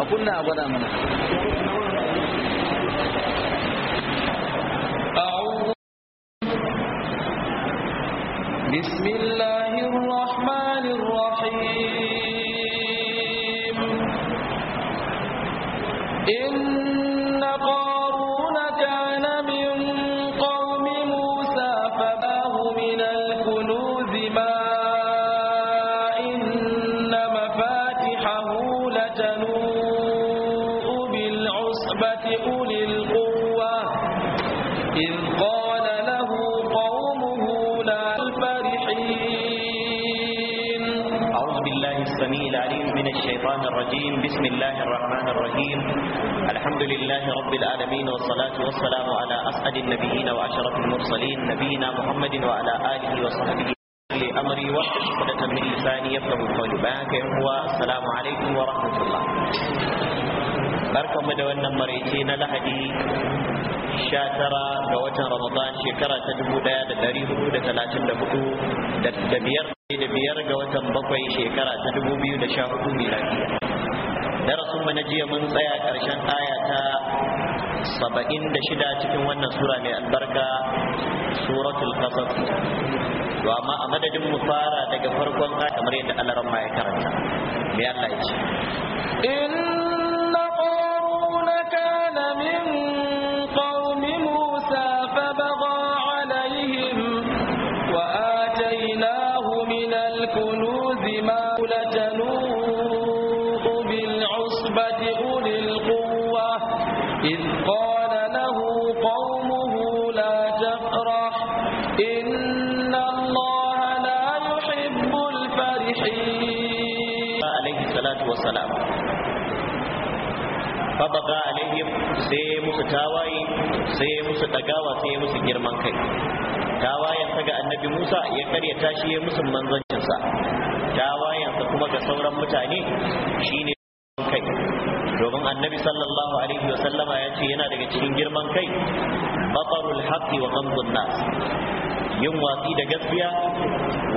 a kunna a gwada mana shekara ta dubu ɗaya da dari hudu da talatin da hudu da biyar da biyar ga watan bakwai shekara ta dubu biyu da sha hudu miladiya darasin mu na jiya mun tsaya ƙarshen aya ta saba'in da shida cikin wannan sura mai albarka suratul qasas to amma a madadin mu fara daga farkon aya kamar yadda Allah ya karanta me Allah ya ce inna qaruna kana min fabaka alaihim sai musu tawaye sai musu dagawa sai musu girman kai tawayensa ga annabi musa ya karya shi ya musu manzancinsa tawayensa kuma ga sauran mutane shine kai domin annabi sallallahu alaihi wasallama ya ce yana daga cikin girman kai baqarul haqqi wa ghamdun nas yin watsi da gaskiya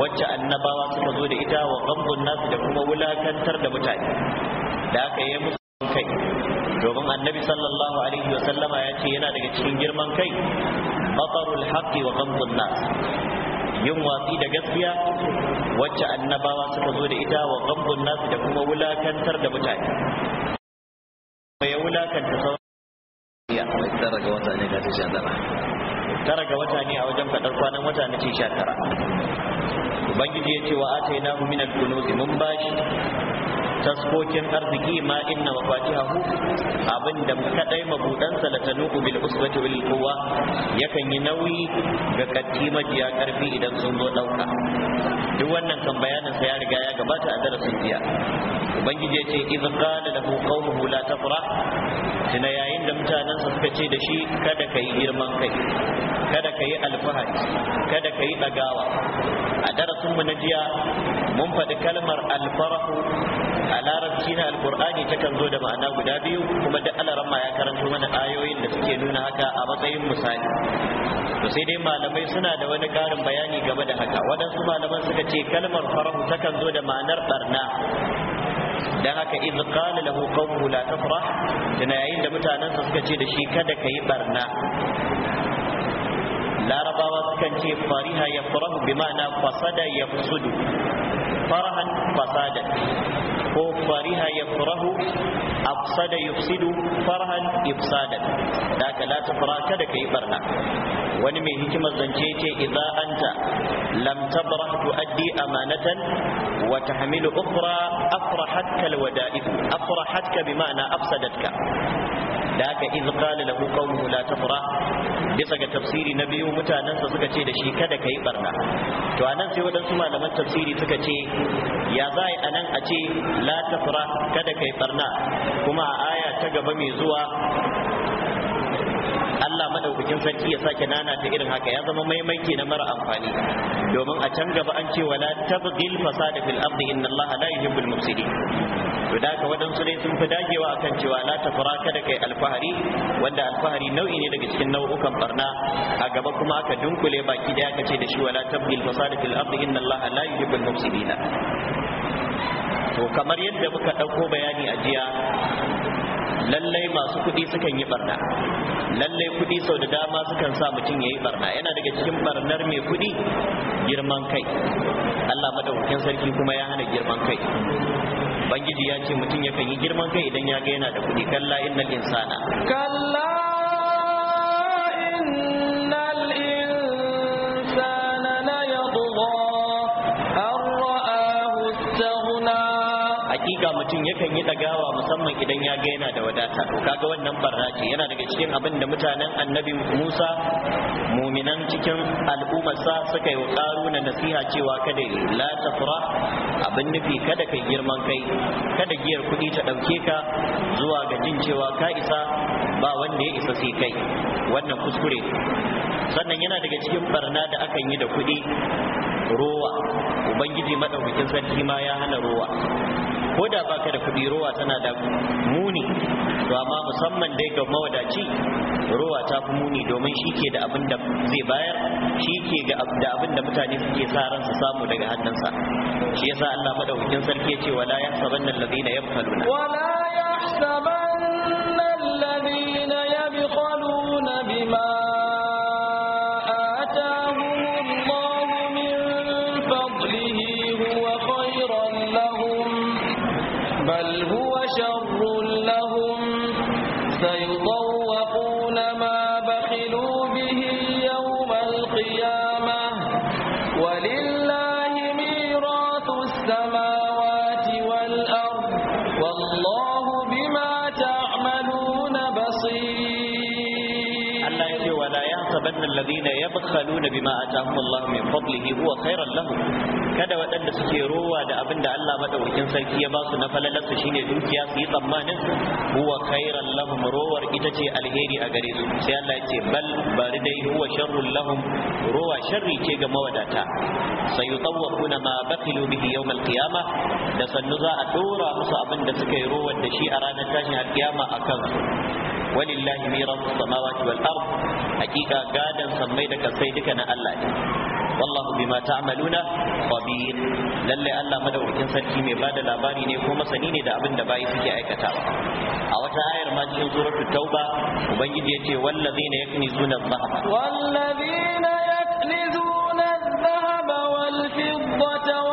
wacce annabawa suka zo da ita wa ghamdun nas da kuma wulakantar da mutane da aka yi musu annabi sallallahu alaihi wa sallama ya ce yana daga cikin girman kai batarul haqqi wa ghamdun nas yin watsi da gaskiya wacce annabawa suka zo da ita wa ghamdun nas da kuma wulakantar da mutane ya wulakanta sauran ya daga wata ne ga tsara tara ga wata ne a wajen faɗar kwanan wata na ce sha tara ubangiji ya ce wa ataina mu minal kunuzi mun bashi taskokin arziki ma inna wa fatihahu abinda kadai mabudan salatanu bil usbati wal quwwa yakan yi nauyi ga katti majiya karfi idan sun zo dauka duk wannan kan bayanin sa ya riga ya gabata a darasin jiya ubangiji ya ce idh qala lahu qaumuhu la tafrah tana yayin da mutanensa suka ce da shi kada ka girman kai kada ka alfahari kada ka yi a darasin mu na jiya mun faɗi kalmar alfarahu a larabci na ta takan zo da ma'ana guda biyu kuma duk Alarama ya karanto mana ayoyin da suke nuna haka a matsayin misali to sai dai malamai suna da wani karin bayani game da haka waɗansu malaman suka ce kalmar farahu takan zo da ma'anar barna dan haka iz qala lahu qawmuhu la tafrah tana yayin da mutanansa suka ce da shi kada kai barna larabawa sukan ce fariha yafrahu bima'ana fasada yafsudu farahan fasada ko fariha yafrahu afsada yufsidu farahan ifsada da haka la tafrah kada kai barna wani mai hikimar zance ce idza anta lam tabrah tuaddi amanatan wa tahmilu ukhra afrahatka alwada'if afrahatka bima'ana afsadatka da haka iz qala lahu qawmuhu la tafrah bisa ga tafsiri na biyu mutanensa suka ce da shi kada ka yi barna to anan sai waɗansu malaman tafsiri suka ce ya za a anan a ce la tafra kada kai barna kuma a aya ta gaba mai zuwa Allah madaukakin sarki ya sake nana ta irin haka ya zama maimaiti na mara amfani domin a can gaba an ce wala tabghil fasada fil ardi inna Allah la yuhibbul mufsidin to da ka wadansu dai sun fi dagewa akan cewa la tafara kada kai alfahari wanda alfahari nau'i ne daga cikin nau'ukan barna a gaba kuma aka dunkule baki daya ka ce da shi wala tabghil fasada fil ardi inna Allah la yuhibbul mufsidin to kamar yadda muka dauko bayani a jiya lallai masu kuɗi sukan yi barna lallai kuɗi sau da dama sukan sa mutum ya yi barna yana daga cikin barnar mai kuɗi girman kai Allah madaukakin sarki kuma ya hana girman kai Bangiji ya ce mutum yakan yi girman kai idan ya ga yana da kuɗi kalla innal insana kalla mutum yakan yi dagawa musamman idan ya ga yana da wadata to kaga wannan barna yana daga cikin abin da mutanen annabi Musa muminan cikin sa suka yi wa na nasiha cewa kada la tafra abin nufi kada kai girman kai kada giyar kuɗi ta ɗauke ka zuwa ga jin cewa ka isa ba wanda ya isa sai kai wannan kuskure sannan yana daga cikin barna da akan yi da kuɗi rowa ubangiji maɗaukakin sarki ma ya hana rowa ko da baka da kuɗi rowa tana da muni to amma musamman dai ga mawadaci rowa ta fi muni domin shi ke da abin da zai bayar shi ke da abin da mutane suke sa ran su samu daga hannunsa shi yasa Allah madaukakin sarki ya ce wala ya yahsabanna alladhina yabkhaluna wala yahsabanna tahsabanna alladhina yabkhaluna bima atahum Allah min fadlihi huwa khairan lahum kada waɗanda suke rowa da abinda Allah madaukakin sarki ya ba su na falalarsa shine dukiya su yi tsammanin huwa khairan lahum rowar ita ce alheri a gare su sai Allah ya ce bal bari dai huwa sharrun lahum rowa sharri ce ga mawadata sayutawwaquna ma bakhilu bihi yawm alqiyamah da sannu za a dora musu abinda suke suka yi rowar da shi a ranar tashin alkiyama akan walillahi mirasu samawati wal ardh hakika gadon sammai da kasai duka na Allah ne wallahu bima ta'maluna khabir lalle Allah madaukakin sarki mai bada labari ne ko masani ne da abin da bayi suke aikata a wata ayar ma cikin suratul tauba ubangiji yace wallazina yaknizuna dhahaba wallazina yaknizuna dhahaba wal fiddata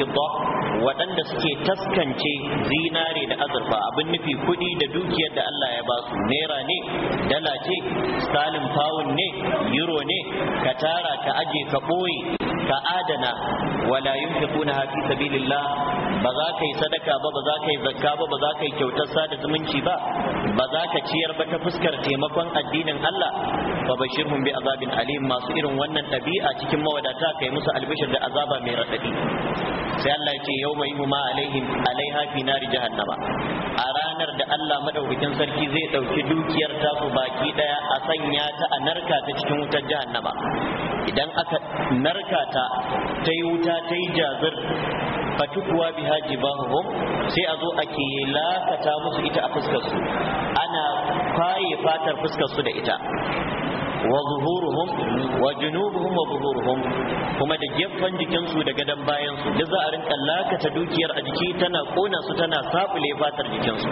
fidda waɗanda suke taskance zinare da azurfa abin nufi kuɗi da dukiyar da Allah ya ba su naira ne dala ce stalin pound ne euro ne ka tara ka aje ka ɓoye ka adana wala yunfiqunaha fi sabilillah ba za ka yi sadaka ba ba za ka yi zakka ba ba za ka yi kyautar sada zumunci ba ba za ka ciyar ba ta fuskar taimakon addinin Allah fa bashirhum bi azabin alim masu irin wannan ɗabi'a cikin mawadata kai musu albishir da azaba mai radadi sai Allah ya ce yawma yuhma alaihim alaiha fi nari jahannama a ranar da Allah madaukakin sarki zai ɗauki dukiyar tasu baki ɗaya a sanya ta a narka ta cikin wutar jahannama idan aka narka ta ta yi wuta ta yi jazir fatukuwa biha jibahum sai a zo a ke lakata musu ita a fuskar su ana kwaye fatar fuskar su da ita wa zuhuruhum wa junubuhum kuma da gefen jikinsu da gadon bayansu duk za a rinka lakata dukiyar a jiki tana kona su tana sabule fatar jikinsu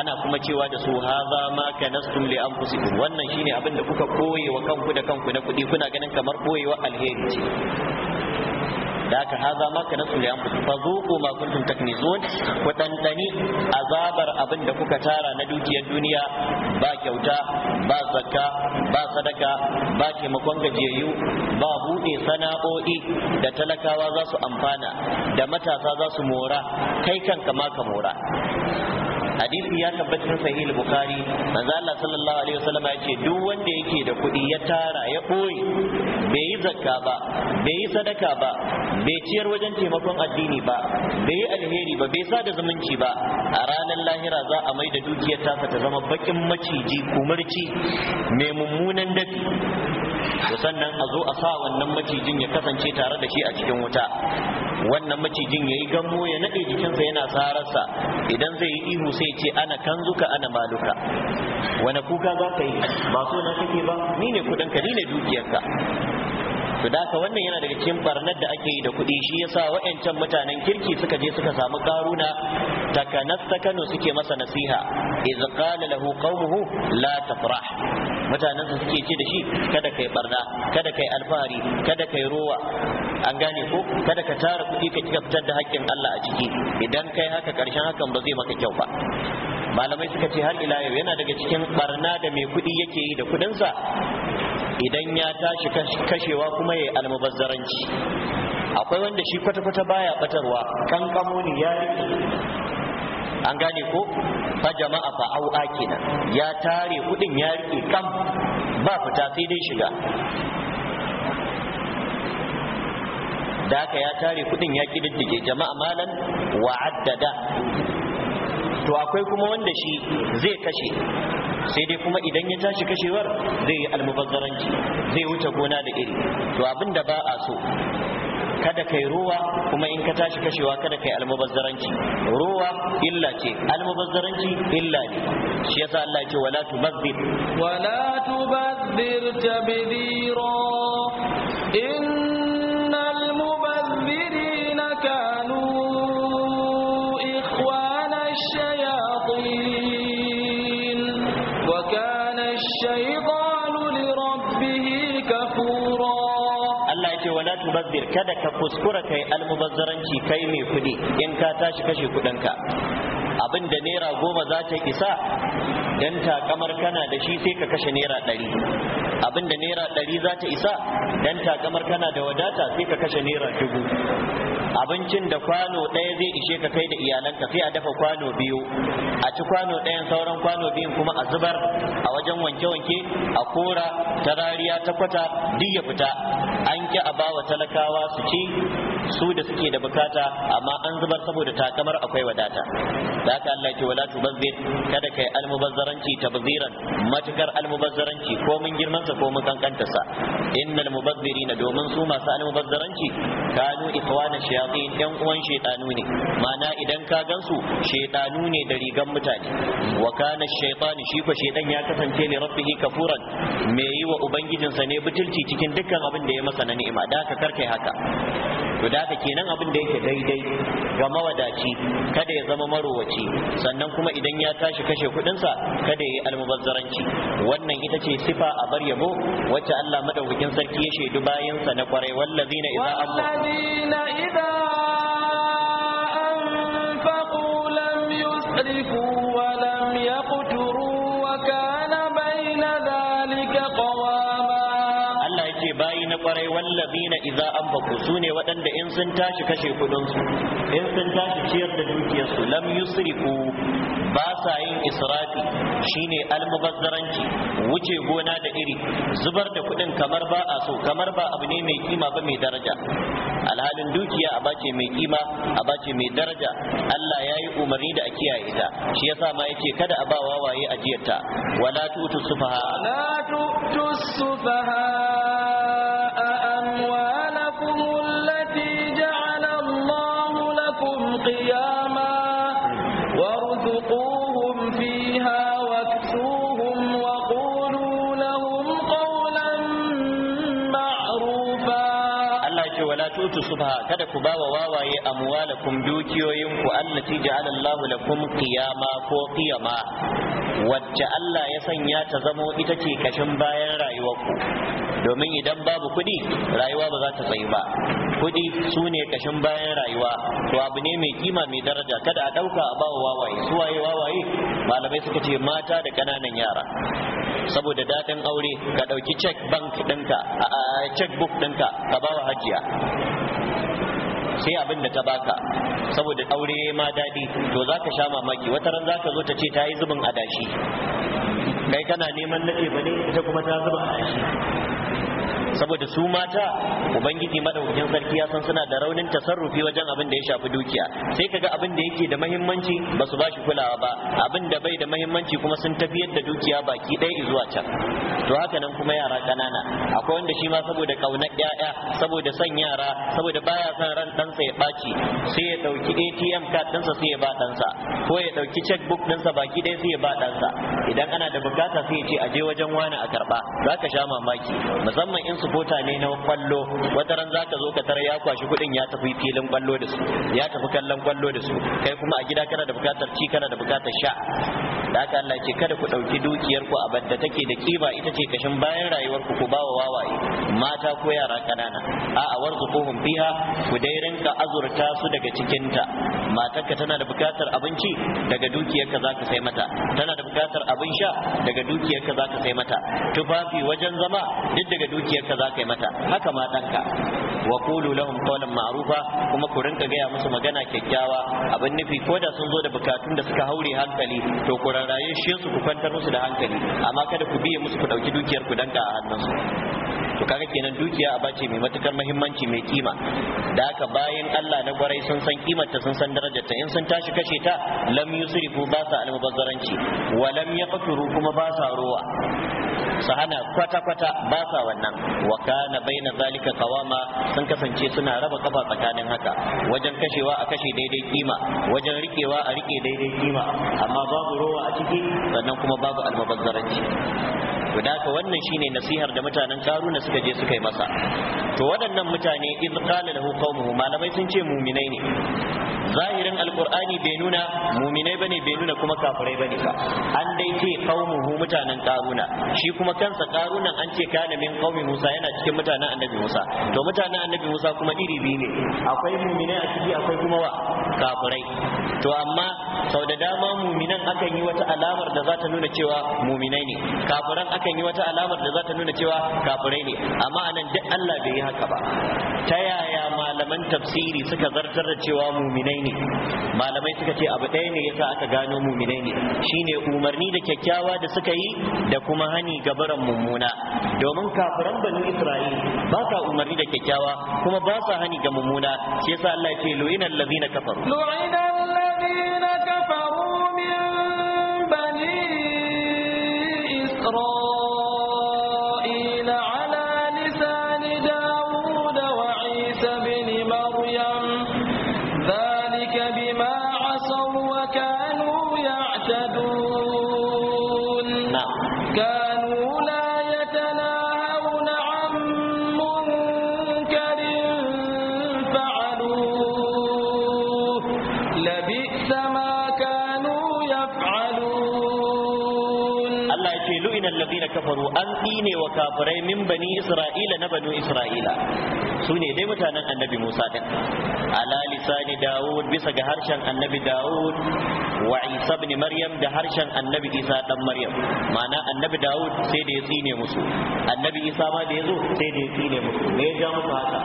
ana kuma cewa da su haza ma kanastum li anfusikum wannan shine abin da kuka koyewa kanku da kanku na kuɗi kuna ganin kamar koyewa alheri da haka haza na na su liyan fa zuqu ma kuntum taknizun ku dandani azabar abin da kuka tara na dukiyar duniya ba kyauta ba zakka ba sadaka ba taimakon gajiyayyu ba buɗe sana'o'i da talakawa za su amfana da matasa za su mora kai kanka ma ka mora hadisi ya tabbata cikin sahih bukhari manzo Allah sallallahu alaihi wasallam ya ce duk wanda yake da kuɗi ya tara ya ɓoye bai yi zakka ba bai yi sadaka ba bai ciyar wajen taimakon addini ba bai yi alheri ba bai sa da zumunci ba a ranar lahira za a mai da dukiyar tasa ta zama baƙin maciji kumarci, mai mummunan dafi to sannan a zo a sa wannan macijin ya kasance tare da shi a cikin wuta wannan macijin ya yi gammo ya naɗe jikinsa yana sararsa, idan zai yi ihu sai ce ana kanzuka ana maluka wani kuka za ka yi ba so na kake ba ni ne kuɗinka ni ne dukiyarka to da wannan yana daga cikin barnar da ake yi da kuɗi shi yasa wayancan mutanen kirki suka je suka samu karuna takanas Kano suke masa nasiha iz qala lahu qaumuhu la tafrah mutanen su suke ce da shi kada kai barna kada kai alfahari kada kai rowa an gane ko kada ka tara kuɗi ka kika fitar da haƙƙin Allah a ciki idan kai haka ƙarshen hakan ba zai maka kyau ba malamai suka ce har ila yau yana daga cikin barna da mai kuɗi yake yi da kuɗinsa idan ya tashi kashewa kuma ya yi almubazzaranci akwai wanda shi kwata-kwata baya batarwa kan ne ya an gane ko fa jama'a fa au kenan ya tare kudin ya rike kam ba fita sai dai shiga da haka ya tare kudin ya kididdige jama'a malan wa addada to akwai kuma wanda shi zai kashe sai dai kuma idan ya tashi kashewar zai yi almubazzaranci zai wuce gona da iri to abin da ba a so kada kai ruwa kuma in ka tashi kashewa kada kai almubazzaranci ruwa illa ce almubazzaranci illa ne shi yasa Allah ya ce wala tubazzir wala tubazzir tabdira in tubazzir kada ka kuskura kai almubazzaranci kai mai kudi in ka tashi kashe kudinka abin da naira goma za ta isa dan takamar kana da shi sai ka kashe naira ɗari abin da naira ɗari za ta isa dan takamar kana da wadata sai ka kashe naira dubu abincin da kwano ɗaya zai ishe ka kai da iyalanka sai a dafa kwano biyu a ci kwano ɗayan sauran kwano biyun kuma a zubar a wajen wanke-wanke a kora ta rariya ta kwata duk ya fita an a bawa talakawa su ci su da suke da bukata amma an zubar saboda takamar akwai wadata da haka Allah ke wala tubazzir kada kai almubazzaranci tabziran matukar almubazzaranci ko mun girmansa ko mun kankantarsa innal mubazzirina domin su masu almubazzaranci kanu ikhwana shayatin yan uwan shaytanu ne ma'ana idan ka gansu shaytanu ne da rigan mutane wa kana shaytanu shi fa shaytan ya kasance ne rabbihi kafuran me yi wa ubangijinsa ne butulci cikin dukkan abin da ya masa na ni'ima da haka karkai haka to da kenan abin da yake daidai ga mawadaci kada ya zama marowaci sannan kuma idan ya tashi kashe kudinsa, kada ya yi almubazzaranci wannan ita ce sifa a bar yabo wacce Allah madaukakin sarki ya shaidu bayansa na kwarai wallazina idza Za idza su ne waɗanda in sun tashi kashe kudinsu in sun tashi ciyar da dukiyarsu su lam yusrifu ba sa yin israfi shine almubazzaranci wuce gona da iri zubar da kudin kamar ba a so kamar ba abu ne mai kima ba mai daraja alhalin dukiya a bace mai kima a bace mai daraja Allah ya yi umarni da a kiyaye ta shi yasa ma ce kada a ba wawaye ajiyarta wala tutu sufaha wala tutu sufaha subha kada ku bawa wawaye amwalakum dukiyoyin ku allati ja'ala Allahu lakum qiyama ko qiyama wacce Allah ya sanya ta zamo ita ce kashin bayan rayuwarku domin idan babu kuɗi rayuwa ba za ta tsayu ba kuɗi su ne kashin bayan rayuwa to abu ne mai kima mai daraja kada a ɗauka a bawa wawaye su waye wawaye malamai suka ce mata da kananan yara saboda daɗin aure ka ɗauki check bank ɗinka a check book ɗinka ka ba wa hajiya sai abin da ta baka saboda aure ma daɗi to za ka sha mamaki wata ran za ka zo ta ce ta yi zubin adashi kai kana neman nake ba ne ita kuma ta zuba adashi saboda su mata ubangiji madaukakin sarki ya san suna da raunin tasarrufi wajen abin da ya shafi dukiya sai kaga abin da yake da muhimmanci ba su bashi kulawa ba abin da bai da muhimmanci kuma sun tafiyar da dukiya baki ɗaya zuwa can to haka nan kuma yara ƙanana akwai wanda shi ma saboda kauna ƴaƴa saboda son yara saboda baya son ran ɗansa ya ɓaci sai ya ɗauki ATM card ɗinsa sai ya ba ɗansa ko ya ɗauki checkbook ɗinsa baki ɗaya sai ya ba ɗansa idan ana da bukata sai ya ce a je wajen wani a karɓa za ka sha mamaki musamman in su supporter ne na kwallo wata ran ka zo ka tara ya kwashi kuɗin ya tafi filin kwallo da su ya tafi kallon kwallo da su kai kuma a gida kana da bukatar ci kana da bukatar sha da haka Allah ke kada ku ɗauki dukiyar ku a banda take da kiba ita ce kashin bayan rayuwar ku ku bawa wawaye mata ko yara kanana a'a warzuquhum fiha ku dai rinka azurta su daga cikinta matarka tana da bukatar abinci daga dukiyarka zaka sai mata tana da bukatar abin sha daga dukiyarka zaka sai mata tufafi wajen zama duk daga dukiyarka zaka yi mata haka ma wa qulu lahum qawlan ma'rufa kuma ku rinka gaya musu magana kyakkyawa abin nufi ko da sun zo da bukatun da suka haure hankali to ku raraye shi su ku kwantar musu da hankali amma kada ku biye musu ku dauki dukiyar ku danka a hannunsu to kaga kenan dukiya a bace mai matukar muhimmanci mai kima da haka bayan Allah na gwarai sun san ta sun san darajarta in sun tashi kashe ta lam yusrifu ba sa almubazzaranci wa lam yaqturu kuma ba sa ruwa sahana kwata-kwata ba sa wannan wa kana baina zalika qawama sun kasance suna raba kafa tsakanin haka wajen kashewa a kashe daidai kima wajen rikewa a rike daidai kima amma babu rowa a ciki sannan kuma babu almubazzaranci to da haka wannan shine nasihar da mutanen karuna suka je suka yi masa to waɗannan mutane in qala lahu qaumuhu malamai sun ce muminai ne zahirin alqur'ani bai nuna muminai bane bai nuna kuma kafirai bane ba an dai ce qaumuhu mutanen karuna shi kuma kansa karunan an ce kana min qaumi musa yana cikin mutanen annabi musa to mutanen annabi musa kuma iri biyu ne akwai muminai a ciki akwai kuma wa kafirai to amma sau da dama muminan akan yi wata alamar da za ta nuna cewa muminai ne kafiran akan akan yi wata alamar da za ta nuna cewa kafirai ne amma anan duk Allah bai yi haka ba ta yaya malaman tafsiri suka zartar da cewa muminai ne malamai suka ce abu ɗaya ne yasa aka gano muminai ne shine umarni da kyakkyawa da suka yi da kuma hani gabaran mummuna domin kafiran banu isra'il ba sa umarni da kyakkyawa kuma ba sa hani ga mummuna shi yasa Allah ya ce lu'inal ladzina kafaru ne wa kafirai min bani isra'ila na banu isra'ila su ne dai mutanen annabi musa ɗin ala lisani dawud bisa ga harshen annabi dawud wa isa ibn maryam da harshen annabi isa dan maryam ma'ana annabi dawud sai da ya tsine musu annabi isa ma da ya zo sai da ya tsine musu me ya ja musu haka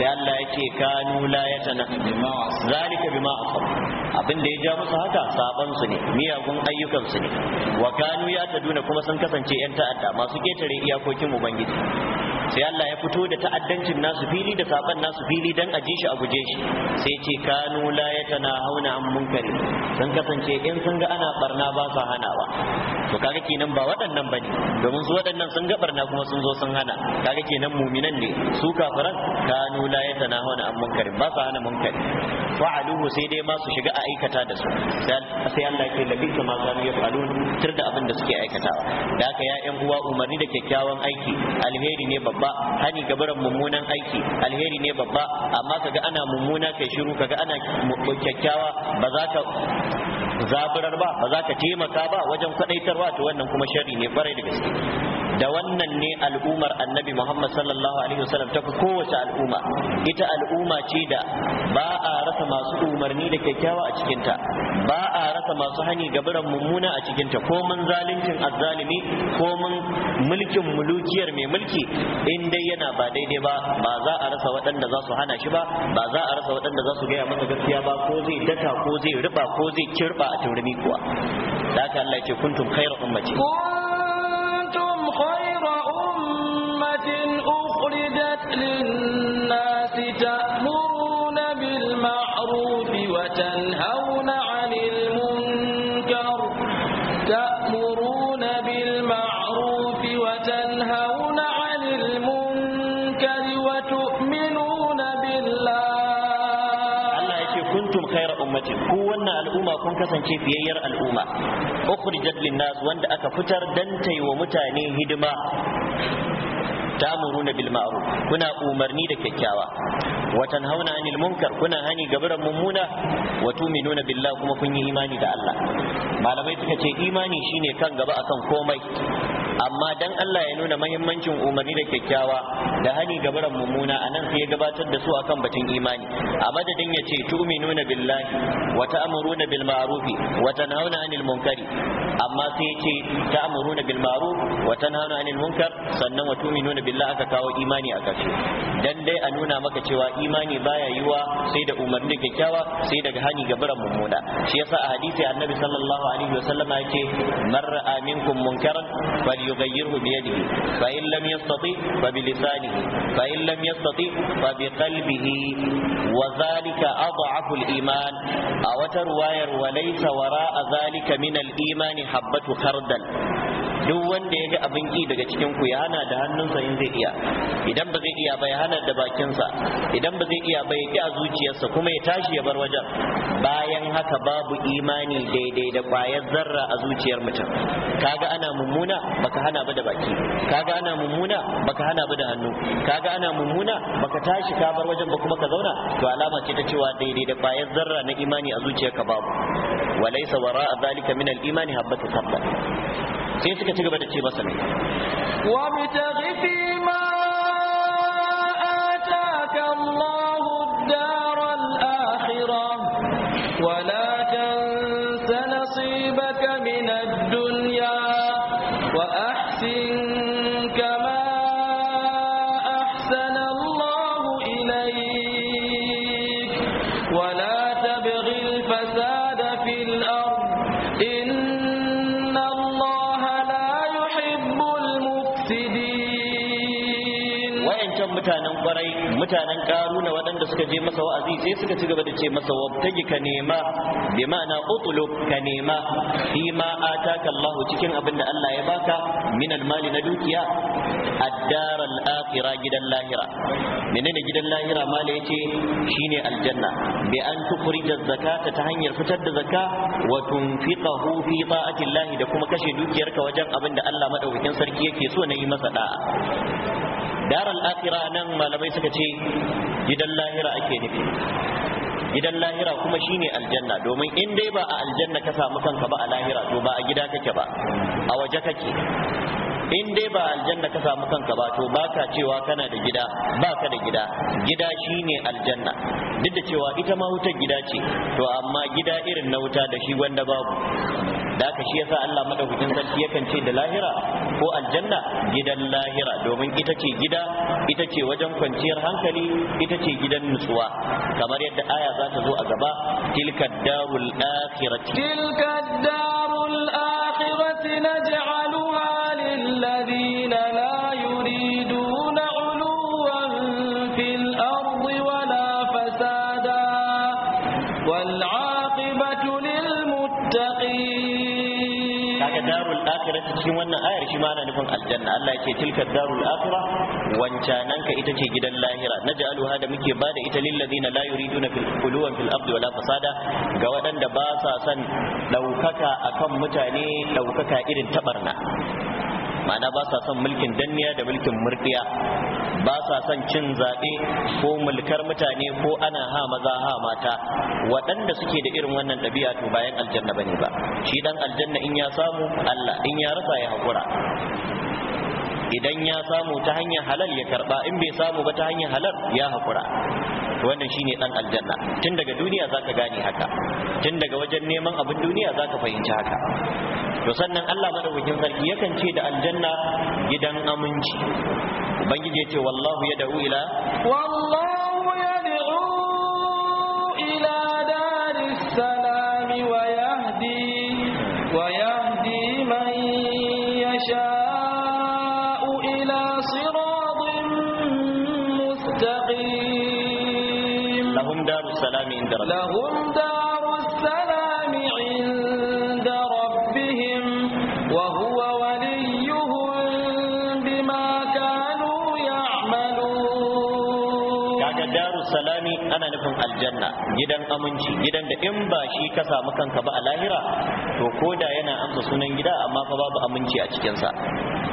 da Allah ya ce kanu la yatana zalika bima asab abin da ya ja musu haka saban su ne miyagun ayyukan su ne wa kanu ya taduna kuma sun kasance yan ta'adda masu ketare iyakokin ubangiji sai Allah ya fito da ta'addancin nasu fili da saban nasu fili dan a ji shi a guje shi sai ce kanu la yatana hauna an munkari sun kasance in sun ga ana barna ba sa hanawa to kaga kenan ba waɗannan bane domin su waɗannan sun ga barna kuma sun zo sun hana kaga kenan muminan ne su kafiran kanu la yatana hauna an munkari ba sa hana munkari fa'aluhu sai dai ma su shiga a aikata da su sai Allah ke labi ma kanu yaf'alun tir da abin da suke aikatawa da haka ya ƴan uwa umarni da kyakkyawan aiki alheri ne babba babba hani gabaran mummunan aiki alheri ne babba amma kaga ana mummuna kai shiru kaga ana kyakkyawa ba za ka zaburar ba ba za ka taimaka ba wajen kwadaitarwa to wannan kuma shari ne kwarai da gaske da wannan ne al'ummar annabi Muhammad sallallahu alaihi wasallam ta kowace al'umma ita al'umma ce da ba a rasa masu umarni da kyakkyawa a cikinta ba a rasa masu hani gaburan mummuna a cikinta ko mun zaluncin azzalimi ko mun mulkin mulukiyar mai mulki in dai yana ba daidai ba ba za a rasa waɗanda za su hana shi ba ba za a rasa waɗanda za su gaya masa gaskiya ba ko zai data ko zai riba ko zai kirba a turmi kuwa da haka Allah ya ce kuntum khairu ummati خير أمة أخرجت للناس تأمرون بالمعروف وتنهون عن المنكر تأمرون بالمعروف وتنهون عن المنكر وتؤمنون بالله الله يقول كنتم خير أمة كون الأمة كن كسن يير الأمة ukhrijat nasu wanda aka fitar dan wa mutane hidima ta'muruna bil ma'ruf kuna umarni da kyakkyawa Watan hauna 'anil munkar kuna hani gabaran mummuna wa tu'minuna billahi kuma kun yi imani da Allah malamai suka ce imani shine kan gaba akan komai amma dan Allah ya nuna mahimmancin umarni da kyakkyawa da hani ga baran mummuna anan sai ya gabatar da su akan batun imani a madadin ya ce tu'minuna billahi wa ta'muruna bil ma'rufi wa tanhauna 'anil munkari amma sai ya ce ta'muruna bil ma'ruf wa tanhauna 'anil munkar sannan wa tu'minuna billah aka kawo imani a ƙarshe dan dai a nuna maka cewa imani baya yiwa sai da umarni kyakkyawa sai daga hani ga biran mummuna shi yasa a hadisi annabi sallallahu alaihi wasallam ya man ra'a minkum munkaran falyughayyirhu bi yadihi fa in lam yastati fa bi lisanihi fa in lam yastati fa bi qalbihi wa dhalika adhafu al iman a wata ruwayar wa laysa wara'a zalika min al iman حبة خردل duk wanda ya ga abin ki daga cikin ku ya hana da hannunsa in zai iya idan ba zai iya ba ya hana da bakinsa idan ba zai iya ba ya ki a zuciyarsa kuma ya tashi ya bar wajen bayan haka babu imani daidai da kwayar zarra a zuciyar mutum kaga ana mummuna baka hana ba da baki kaga ana mummuna baka hana ba da hannu kaga ana mummuna baka tashi ka bar wajen ba kuma ka zauna to alama ce ta cewa daidai da kwayar zarra na imani a zuciyarka babu walaysa wara'a zalika min al-imani habbatu sabba sai suka ci gaba da ce masa ne wa bi taghifi ma ataka Allahu ad-dar al-akhirah wa la tansa nasibaka min ad-dunya wa ahsin mutanen karuna waɗanda suka je masa wa'azi sai suka ci gaba da ce masa wabtaji ka nema bi ma'ana utlub ka nema fi ma ataka Allah cikin abin da Allah ya baka min almali na dukiya ad-dar al gidan lahira menene gidan lahira mala yace shine aljanna bi an tukhrija zakata ta hanyar fitar da zakka wa tunfiqahu fi ta'ati Allah da kuma kashe dukiyarka wajen abin da Allah madaukakin sarki yake so na yi masa da'a daral akhira nan malamai suka ce gidan lahira ake nufi gidan lahira kuma shine aljanna domin in dai ba a aljanna ka samu kanka ba a lahira to ba a gida kake ba a waje kake in dai ba aljanna ka samu kanka ba to baka cewa kana da gida baka da gida gida shine aljanna duk da cewa ita ma wutar gida ce to amma gida irin na wuta da shi wanda babu da haka shi yasa Allah madaukakin sarki yakan ce da lahira ko aljanna gidan lahira domin ita ce gida ita ce wajen kwanciyar hankali ita ce gidan nutsuwa kamar yadda aya za ta zo a gaba tilka darul akhirati tilka darul akhirati naj'aluha lil ladina la yuriduna uluwan fil ardi wala fasada wal aqibatu lil muttaqin kaga darul akhirah cikin wannan ayar shi ma ana nufin aljanna Allah yake tilka darul akhirah wancanan ka ita ce gidan lahira naj'aluha da muke bada ita lil ladina la yuriduna fil quluwan fil wala fasada ga waɗanda ba sa son daukaka akan mutane daukaka irin tabarna ma'ana ba sa son mulkin danniya da mulkin murdiya ba sa son cin zaɓe ko mulkar mutane ko ana ha maza ha mata waɗanda suke da irin wannan ɗabi'a to bayan aljanna ne ba shi ɗan aljanna in ya samu Allah in ya rasa ya haƙura idan ya samu ta hanyar halal ya karba in bai samu ba ta hanyar halal ya haƙura wannan shine dan aljanna tun daga duniya zaka gane haka tun daga wajen neman abin duniya zaka fahimci haka to sannan Allah madaukakin sarki yakan ce da aljanna gidan aminci ubangiji ya ce wallahu yad'u ila wallahu لهم دار السلام عند ربهم وهو وليهم بما كانوا يعملون كاجا دار السلام أنا نفهم الجنة جدا أمنشي gidan da in ba shi ka samu kanka ba a lahira to koda yana amsa sunan gida amma fa babu aminci a cikinsa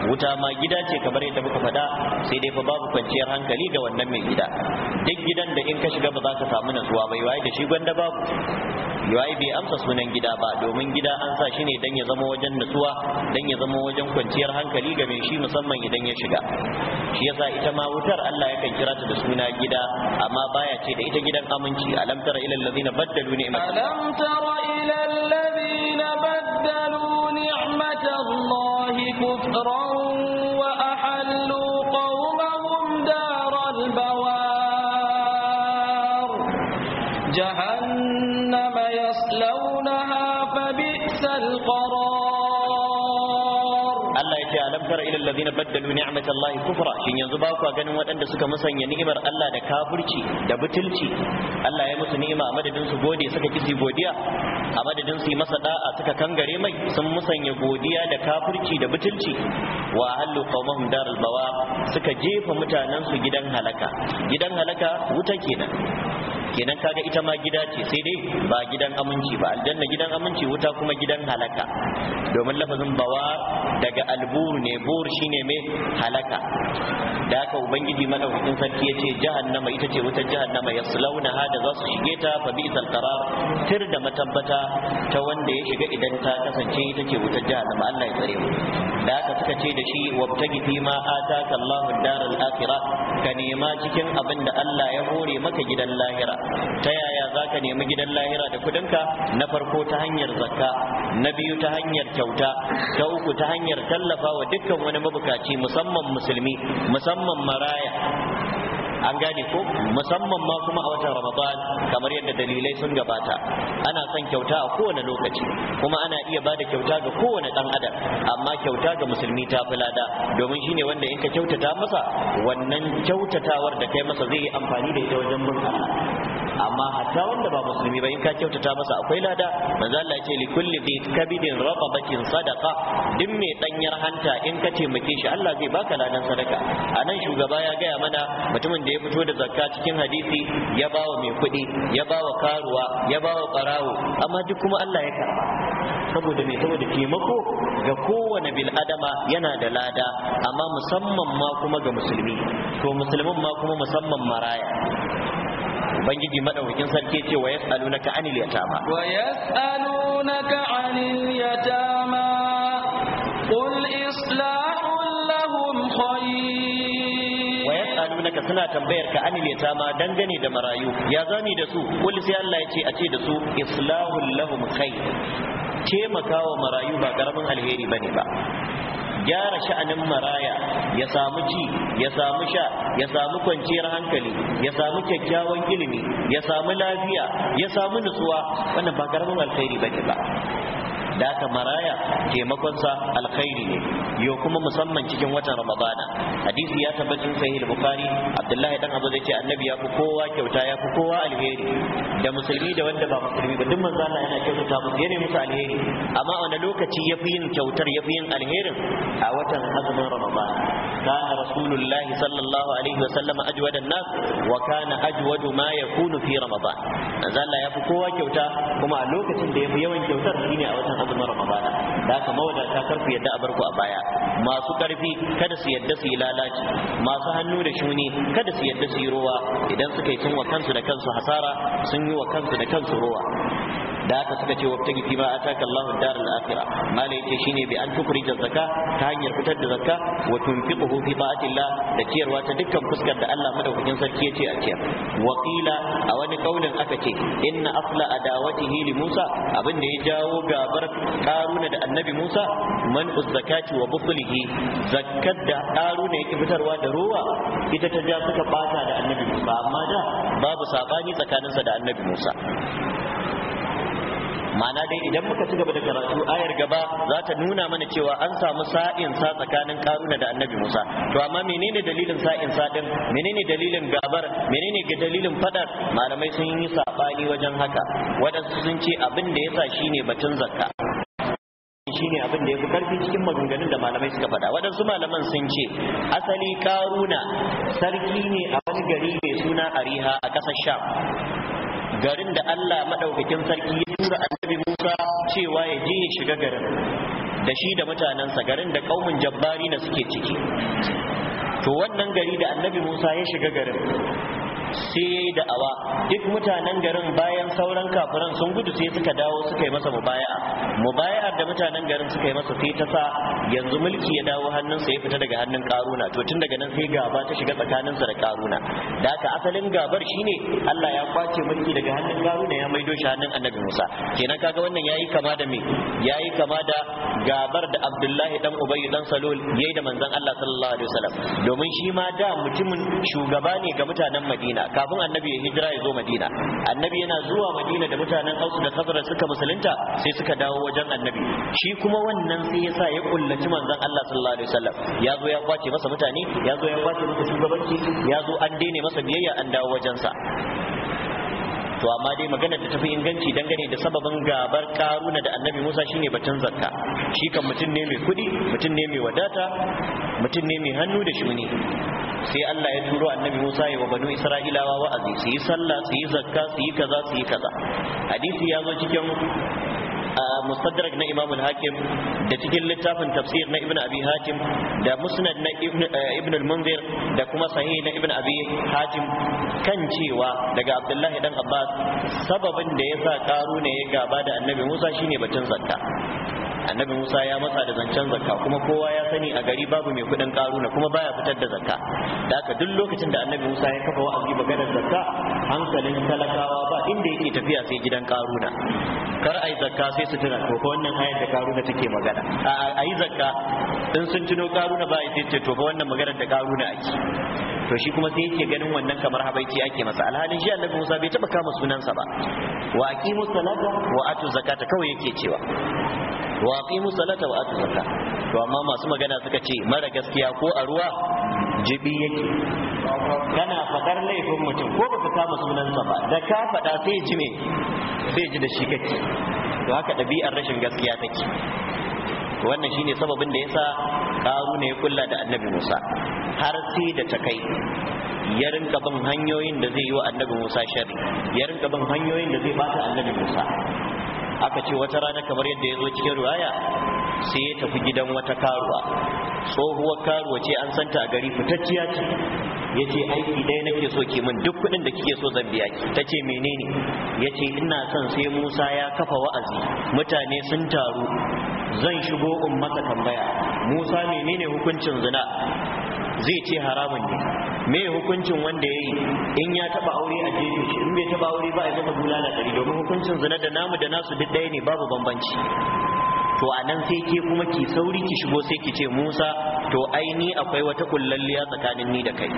wuta ma gida ce kamar yadda muka faɗa sai dai fa babu kwanciyar hankali ga wannan mai gida duk gidan da in ka shiga ba za ka samu natsuwa ba yayi da shi gwanda babu yayi bai amsa sunan gida ba domin gida an sa shi ne dan ya zama wajen natsuwa dan ya zama wajen kwanciyar hankali ga mai shi musamman idan ya shiga shi yasa ita ma wutar Allah yakan kira ta da suna gida amma baya ce da ita gidan aminci alam tara ilal ladina baddalu نعمة ألم تر إلى الذين بدلوا نعمة الله كفرا allazina baddalu ni'matallahi kufra shin yanzu ba ku ganin waɗanda suka musanya ni'imar Allah da kafirci da butulci Allah ya musu ni'ima a madadin su gode suka kisi godiya a madadin su yi masa da'a suka kangare mai sun musanya godiya da kafirci da butulci wa ahallu qaumahum daral bawa suka jefa mutanen su gidan halaka gidan halaka wuta kenan kenan kaga ita ma gida ce sai dai ba gidan aminci ba aljanna gidan aminci wuta kuma gidan halaka domin lafazin bawa daga albur ne bur shine mai halaka da haka ubangiji madaukakin sarki ya ce jahannama ita ce wutar jahannama ya sulauna ha da za su shige ta fa bi qarar tir da matabbata ta wanda ya shiga idan ta kasance ita ce wutar jahannama Allah ya tsare mu da aka suka ce da shi wabtagi fi ma ataka Allahu daral akhirah ka nema cikin abin da Allah ya hore maka gidan lahira ta yaya za ka nemi gidan lahira da kudinka na farko ta hanyar zakka na biyu ta hanyar kyauta ta uku ta hanyar tallafa wa dukkan wani mabukaci musamman musulmi musamman maraya an gane ko musamman ma kuma a watan ramadan kamar yadda dalilai sun gabata ana son kyauta a kowane lokaci kuma ana iya bada kyauta ga kowane dan adam amma kyauta ga musulmi ta fi lada domin shine wanda in ka kyautata masa wannan kyautatawar da kai masa zai yi amfani da ita wajen bin Allah amma hatta wanda ba musulmi ba in ka kyautata masa akwai lada manzo Allah ya ce li kulli dhi kabidin raqabatin sadaqa din mai danyar hanta in ka taimake shi Allah zai baka ladan sadaka anan shugaba ya gaya mana mutumin da ya fito da zakka cikin hadisi ya bawa mai kuɗi ya bawa karuwa ya bawa karawo amma duk kuma Allah ya karba saboda me saboda taimako ga kowane bil adama yana da lada amma musamman ma kuma ga musulmi to musulmin ma kuma musamman maraya ubangiji madaukakin sarki ce wa yas'alunaka anil yatama wa yas'alunaka anil yatama qul islahul lahum khayr wa yas'alunaka suna tambayar ka anil yatama dangane da marayu ya zani da su qul sai Allah ya ce a ce da su islahul lahum khayr taimakawa marayu ba karamin alheri bane ba gyara sha'anin maraya ya samu ci ya samu sha ya samu kwanciyar hankali ya samu kyakkyawan ilimi ya samu lafiya ya samu nutsuwa wannan ba karamin alkhairi bane ba da haka maraya taimakonsa alkhairi ne Yau kuma musamman cikin watan ramadana hadisi ya tabbatin sahih bukhari abdullahi dan abu zai ce annabi ya fi kowa kyauta ya fi kowa alheri da musulmi da wanda ba musulmi ba duk manzo Allah yana kyautata musu yana musu alheri amma a wani lokaci ya fi yin kyautar ya fi yin alherin a watan azumin ramadana kana rasulullahi sallallahu alaihi wa wasallam ajwadan nas wa kana ajwadu ma yakunu fi ramadan manzo Allah ya fi kowa kyauta kuma a lokacin da ya fi yawan kyautar shine a watan azumin ramadana da haka mawadata kar ku yadda a barku a baya masu karfi kada su yadda su yi lalaci masu hannu da shuni kada su yadda su yi rowa idan suka yi sun wa kansu da kansu hasara sun yi wa kansu da kansu rowa da aka suka ce wabtagi fi ma ataka Allahu darul akhirah mala yace shine bi an da zakka ta hanyar fitar da zaka wa tunfiquhu fi ta'atillah da ciyarwa ta dukkan fuskar da Allah madaukakin sarki ce a ciyar wa qila a wani kaulin aka ce inna da adawatihi li Musa abin da ya jawo gabar karuna da annabi Musa man zakati wa bukhlihi zakkar da karuna yake fitarwa da ruwa ita ta ja suka bata da annabi Musa amma da babu sabani tsakaninsa da annabi Musa ma'ana dai idan muka ci gaba da karatu ayar gaba za ta nuna mana cewa an samu sa'in sa tsakanin karuna da annabi musa to amma menene dalilin sa'in sa din menene dalilin gabar menene ga dalilin fadar malamai sun yi sabani wajen haka wadansu sun ce abin da yasa shine batun zakka shine abin da ya fi karfi cikin maganganun da malamai suka faɗa waɗansu malaman sun ce asali karuna sarki ne a wani gari mai suna ariha a ƙasar sham garin da Allah madaukakin sarki ya tura annabi Musa cewa ya je ya shiga garin da shi da mutanensa garin da ƙaumin jabbari na suke ciki to wannan gari da annabi Musa ya shiga garin sai da awa duk mutanen garin bayan sauran kafiran sun gudu sai suka dawo suka yi masa mubaya'a mubaya'ar da mutanen garin suka yi masa sai ta sa yanzu mulki ya dawo hannunsa ya fita daga hannun karuna to tun daga nan sai gaba ta shiga tsakaninsa da karuna da haka asalin gabar shine Allah ya kwace mulki daga hannun karuna ya maido shi hannun annabi Musa kenan kaga wannan yayi kama da me yayi kama da gabar da abdullahi dan ubayy dan salul yayi da manzon Allah sallallahu alaihi wasallam domin shi ma da mutumin shugaba ne ga mutanen Madina kafin annabi ya hijira ya zo Madina annabi yana zuwa Madina da mutanen Aus da Khazraj suka musulunta sai suka dawo wajen annabi shi kuma wannan sai ya sa ya kullaci manzon Allah sallallahu alaihi wasallam ya zo ya kwace masa mutane ya zo ya kwace masa shugabanci ya zo an daina masa biyayya an dawo wajensa to amma dai magana da tafi inganci dangane da sababin gabar karuna da annabi musa shine batun zakka shi kan mutum ne mai kudi mutum ne mai wadata mutum ne mai hannu da shuni sai Allah ya turo annabi Musa ya wa banu Isra'ilawa wa'azi su yi sallah su yi zakka su yi kaza su yi kaza hadisi ya zo cikin mustadrak na Imam hakim da cikin littafin tafsir na Ibn Abi Hatim da musnad na eh, Ibn al-Munzir da kuma sahih na Ibn Abi Hatim kan cewa daga Abdullahi dan Abbas sababin da yasa karu ne ya gaba da Annabi Musa shine batun zakka annabi Musa ya matsa da zancen zakka kuma kowa ya sani a gari babu mai kudin karuna kuma baya fitar da zakka da haka duk lokacin da annabi Musa ya kafa wa'azi ba gadar zakka hankalin talakawa ba inda yake tafiya sai gidan karuna kar ai zakka sai su tuna to wannan ayar da karuna take magana a yi zakka in sun tuno karuna ba ya ce to ko wannan maganar da karuna ake to shi kuma sai yake ganin wannan kamar habaici ake masa alhalin shi annabi Musa bai taba kama sunansa ba wa aqimu salata wa atu zakata kawai yake cewa wa aqimu salata wa atu zakata to amma masu magana suka ce mara gaskiya ko a ruwa jibi yake kana faɗar laifin mutum ko baka kama sunansa ba da ka faɗa sai ji me sai ji da shi kake to haka ɗabi'ar rashin gaskiya take wannan shine sababin da yasa karu ne ya kulla da annabi Musa har sai da ta kai ya rinka hanyoyin da zai yi wa annabi Musa shari ya rinka hanyoyin da zai bata annabi Musa aka ce wata rana kamar yadda ya zo cikin ruwaya sai ya tafi gidan wata karuwa tsohuwar karuwa ce an santa a gari fitacciya ce ya ce aiki dai nake so ke min duk kuɗin da kike so zan biya ki ta ce menene ya ce ina son sai musa ya kafa wa'azi mutane sun taru zan shigo in masa tambaya musa menene hukuncin zina zai ce haramun ne me hukuncin wanda ya yi in ya taba aure a jefe shi in bai taba aure ba a zama bulala ɗari domin hukuncin zina da namu da nasu duk ɗaya ne babu bambanci to a nan sai ke kuma ki sauri ki shigo sai ki ce musa to ai ni akwai wata kullalliya tsakanin ni da kai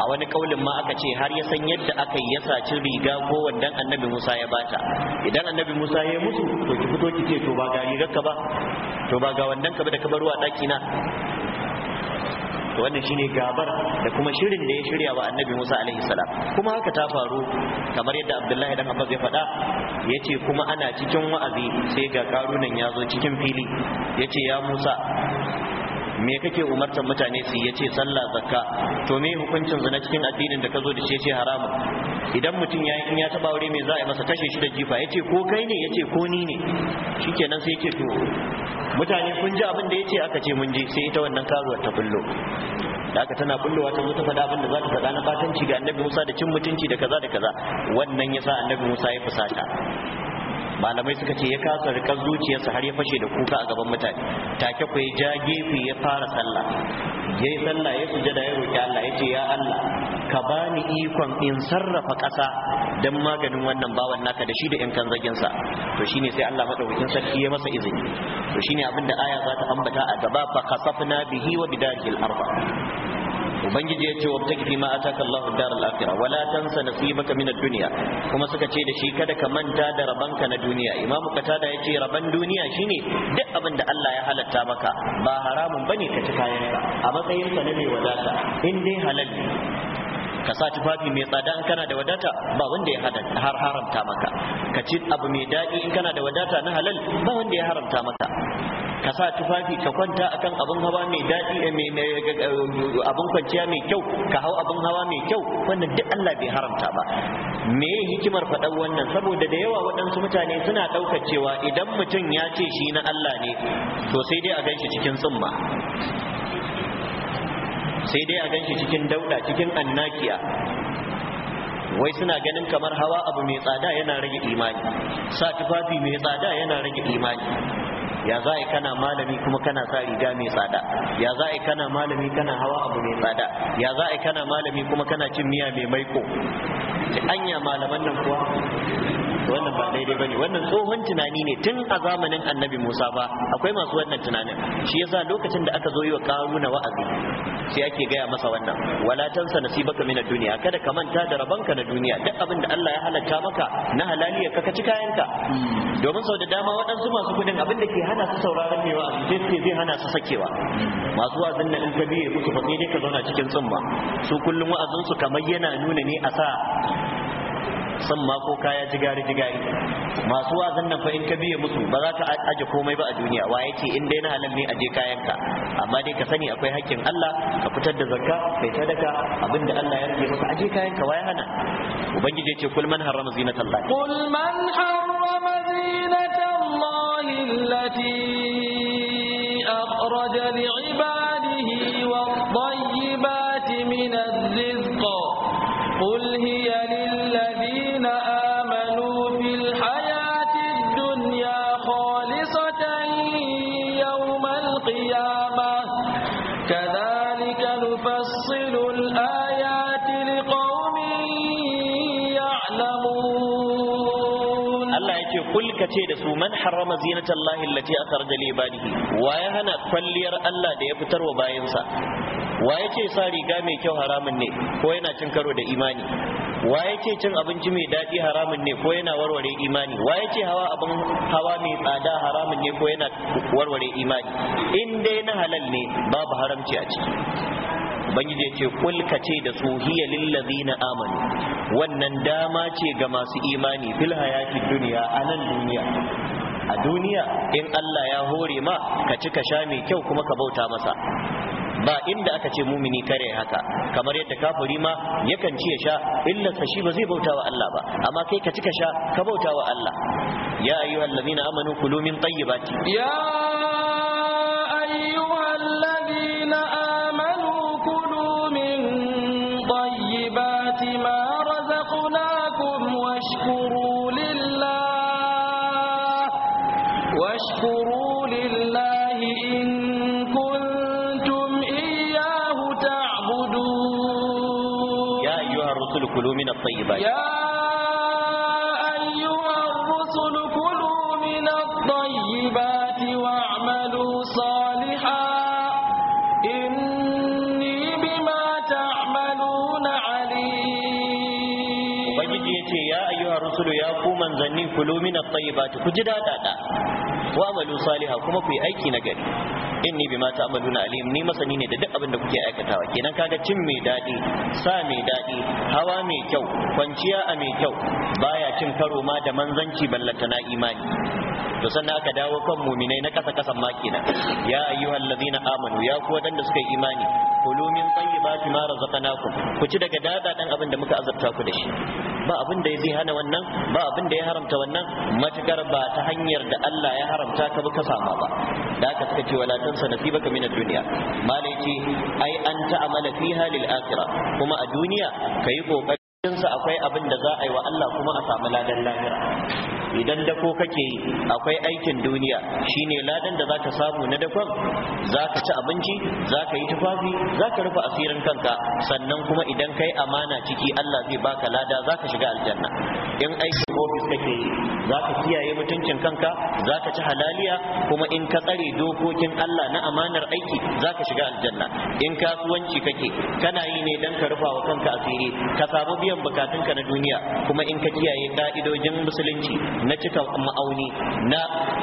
a wani kaulin ma aka ce har ya san yadda aka yi ya saci riga ko wandan annabi musa ya bata idan annabi musa ya mutu to ki fito ki ce to ba ga rigar ka ba to ba ga wandan ka ba da ka barwa daki na to wannan shine gabar da kuma shirin da ya shirya wa annabi Musa alaihi salam kuma haka ta faru kamar yadda Abdullahi dan Abbas ya faɗa yace kuma ana cikin wa'azi sai ga karunan ya zo cikin fili yace ya Musa me kake umartar mutane su yace sallah zakka to me hukuncin zina cikin addinin da ka zo da shi ce haramu idan mutum ya in ya taba aure me za a yi masa kashe shi da jifa yace ko kai ne yace ko ni ne shikenan sai yake to mutane kun ji abin da yace aka ce mun ji sai ita wannan karuwar ta bullo da aka tana bullo ta zo ta faɗa abin da za ta faɗa na batanci ga annabi Musa da cin mutunci da kaza da kaza wannan yasa annabi Musa ya fusata malamai suka ce ya kasa rikar zuciyarsa har ya fashe da kuka a gaban mutane take ku ja gefe ya fara sallah ya yi sallah ya sujada ya roki Allah ya ce ya Allah ka bani ikon in sarrafa ƙasa don maganin wannan bawan naka da shi da yan kanzaginsa to shine sai Allah madaukakin sarki ya masa izini to shine abin da aya za ta ambata a gaba fa kasafna bihi wa bidajil arba ubangiji ya ce wa ta ma ataka Allah dar al akhirah wala tansa nasibaka min ad-dunya kuma suka ce da shi kada ka manta da rabanka na duniya imamu katada ya ce raban duniya shine duk abin da Allah ya halatta maka ba haramun bane ka ci kayan ka a matsayin ka na mai wadata in dai halal ka sa tufafi mai tsada in kana da wadata ba wanda ya har haramta maka ka ci abu mai daɗi in kana da wadata na halal ba wanda ya haramta maka ka sa tufafi ka kwanta akan abin hawa mai daɗi eh, abin kwanciya mai kyau ka hau abin hawa mai kyau wannan duk Allah bai haramta ba me hikimar faɗar wannan saboda da yawa waɗansu mutane suna ɗaukar cewa idan mutum ya ce shi na Allah ne to sai dai a ganshi cikin tsumma sai dai a ganshi cikin dauda cikin annakiya wai suna ganin kamar hawa abu mai tsada yana rage imani sa tufafi mai tsada yana rage imani ya za a kana malami kuma kana sa riga mai tsada ya za a kana malami kana hawa abu mai tsada ya za a kana malami kuma kana cin miya mai maiko anya malaman nan kuwa wannan ba daidai bane wannan tsohon tunani ne tun a zamanin annabi Musa ba akwai masu wannan tunanin shi yasa lokacin da aka zo yi wa karuna wa'azi sai ake gaya masa wannan wala tansa nasibaka min ad-dunya kada ka manta da rabanka na duniya duk abin da Allah ya halatta maka na halaliya ka kaci ci kayanka domin sau da dama waɗansu masu kudin abin da ke hana su sauraron mewa a cikin suke zai hana su sakewa masu wa'azin na in ka biye fa sai dai ka zauna cikin tsumma su kullum wa'azinsu su kamar yana nuna ne a sa san ma ko kaya jigari jigari masu wazan nan fa in ka biye musu ba za ka aje komai ba a duniya wa yace in dai na halal ne aje kayanka amma dai ka sani akwai hakkin Allah ka fitar da zakka kai sadaka abinda Allah ya rike maka aje kayanka wa ya hana ubangiji yace kul man harrama Allah kul man harrama Allah allati أخرج li'i ce da su man harrama Allah allati akhraja li ibadihi wa ya hana kwalliyar Allah da ya fitar wa bayansa wa ya sa riga mai kyau haramun ne ko yana cin karo da imani wa ya cin abinci mai daɗi haramun ne ko yana warware imani wa ya ce hawa abin hawa mai tsada haramun ne ko yana warware imani in dai na halal ne babu haramci a ciki ubangiji ya ce kulka ce da su hiya Amani amanu wannan dama ce ga masu imani fil hayati duniya a nan duniya a duniya in Allah ya hore ma ka ci ka sha mai kyau kuma ka bauta masa ba inda aka ce mumini kare haka kamar yadda kafiri ma yakan ci ya sha illa sa shi ba zai bauta wa Allah ba amma kai ka ci ka sha ka bauta wa Allah ya ayyuhallazina amanu kulu min tayyibati ya الطيبات يا أيها الرسل كلوا من الطيبات واعملوا صالحا إني بما تعملون عليم جيتي يا أيها الرسل يا قوم زني كلوا من الطيبات كجدا دادا واعملوا صالحا كما في أيكي نجري inni bima ta'maluna alim ni masani ne da duk abin da kuke aikatawa kenan kaga cin mai dadi sa mai dadi hawa mai kyau kwanciya a mai kyau baya cin karo ma da manzanci ballata na imani to sannan aka dawo kan muminai na kasa kasan ma kenan ya ayyuhal ladina amanu ya ku wadanda suka yi imani kulu min tayyibati ma razaqnakum ku ci daga dada abin da muka azabta ku da shi ba abin da zai hana wannan ba abin da ya haramta wannan matakar ba ta hanyar da Allah ya haramta ka ba ka sama ba da aka suka ce wala tansa ka min duniya malai ce ai an amala fiha lil akhirah kuma a duniya kayi kokari cikinsu akwai abin da za a yi wa Allah kuma a samu ladan lahira idan dako kake yi akwai aikin duniya shine ladan da zaka samu na dakon zaka ci abinci zaka yi tufafi zaka rufe asirin kanka sannan kuma idan kai amana ciki Allah zai baka lada zaka shiga aljanna in aiki ofis kake yi za ka kiyaye mutuncin kanka za ka ci halaliya kuma in ka tsare dokokin Allah na amanar aiki za ka shiga aljanna in kasuwanci kake kana yi ne dan ka rufa wa kanka asiri ka samu biyan bukatunka na duniya kuma in ka kiyaye ka'idojin musulunci na cika ma'auni na